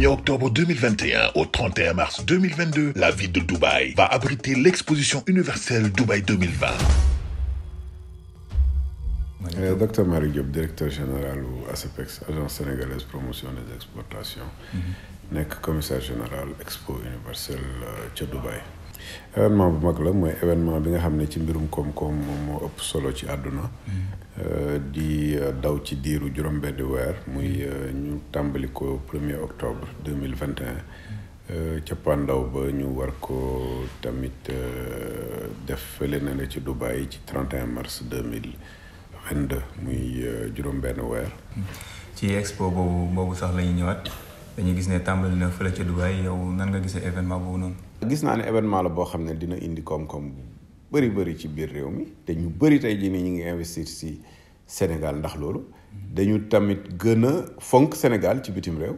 1er octobre 2021 au 31 mars 2022, la ville de Dubaï va abriter l'exposition universelle Dubaï 2020. Euh, docteur Marie Diop directeur général u ASEPEX agence sénégalaise promotion des exportations mm -hmm. nekk commissaire général expo universelle euh, ca euh, Dubaï événement bu mag la mooy événement bi nga xam ne ci mbirum koom-koom moom moo ëpp solo ci àdduna mhm. Euh, di euh, daw ci diiru juróom-benni weer muy euh, ñu tàmbali ko premier octobre deux mille vingt et un cappaandaw ba ñu war ko tamit def fële na la ci Dubaï ci 31 mars deux mille vingt deux muy juróom-benn weer. ci expo boobu boobu sax la ñu ñëwaat. dañu gis ne tàmbali na fële ca Dubaï yow nan nga gisee événement boobu noonu. gis naa ne événement la boo xam ne dina indi koom-koom bëri bëri ci biir réew mi te ñu bëri tey jii nii ñu ngi investir si Sénégal ndax loolu dañu tamit gën a fonk Sénégal ci bitim réew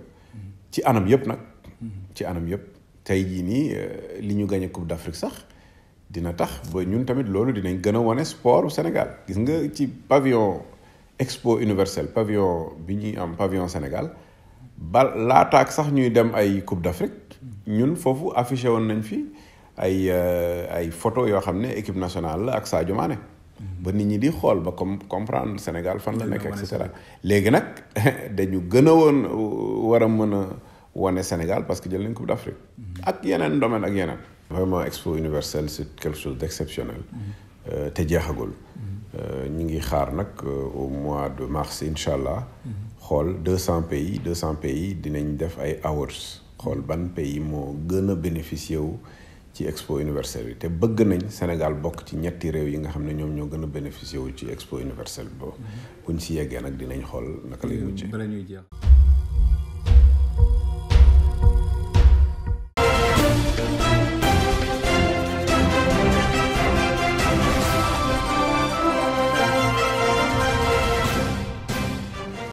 ci anam yëpp nag ci anam yëpp tey jii nii euh, li ñu gagné Coupe d'Afrique sax dina tax ba ñun tamit loolu dinañ gën a wane sport Sénégal gis nga ci pavillon expo universelle pavillon bi ñuy am pavillon Sénégal ba laataak sax ñuy dem ay Coupe d'Afrique ñun foofu affiché woon nañ fii ay euh, ay photo yoo xam ne équipe nationale la ak Sadio Mané ba nit ñi di xool ba comme comprendre Sénégal fan la nekk et cetera léegi nag dañu gën a woon war a mën a wane Sénégal parce que jël nañ Coupe d'Afrique mhm. ak yeneen domaine ak yeneen vraiment expo universelle c'est quelque chose d'exceptionnel mhm. euh, te jeexagul euh, ñu ngi xaar nag au mois de mars incha allah mhm. xool deux cent pays deux cent pays dinañ def ay awards xool ban pays moo gën a bénéficier wu ci expo universelle bi te bëgg nañ Sénégal bokk ci ñetti réew yi nga xam ne ñoom ñoo gën a bénéficié wu ci expo universelle boobu. Mm-hmm. buñ ci yeggee nag dinañ xool naka lay mm-hmm. mujjee.